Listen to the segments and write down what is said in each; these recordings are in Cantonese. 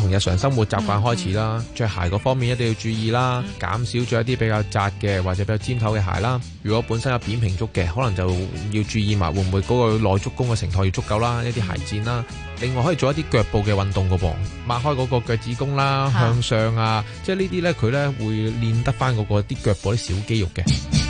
從日常生活習慣開始啦，着、嗯、鞋嗰方面一定要注意啦、嗯，減少着一啲比較窄嘅或者比較尖頭嘅鞋啦。如果本身有扁平足嘅，可能就要注意埋會唔會嗰個內足弓嘅承托要足夠啦，一啲鞋墊啦。另外可以做一啲腳部嘅運動噶噃，擘開嗰個腳趾弓啦，向上啊，即係呢啲呢，佢呢會練得翻嗰個啲腳部啲小肌肉嘅。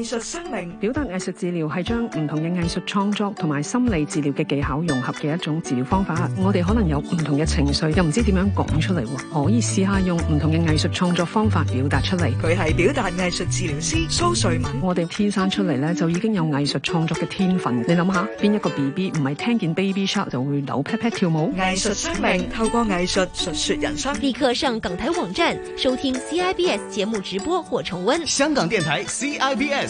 藝術生命表達藝術治療係將唔同嘅藝術創作同埋心理治療嘅技巧融合嘅一種治療方法。我哋可能有唔同嘅情緒，又唔知點樣講出嚟，可以試下用唔同嘅藝術創作方法表達出嚟。佢係表達藝術治療師蘇瑞文。我哋天生出嚟呢，就已經有藝術創作嘅天分。你諗下，邊一個 B B 唔係聽見 Baby Shark 就會扭 pat pat 跳舞？藝術生命透過藝術述說人生。立刻上港台網站收聽 C I B S 節目直播或重溫香港電台 C I B S。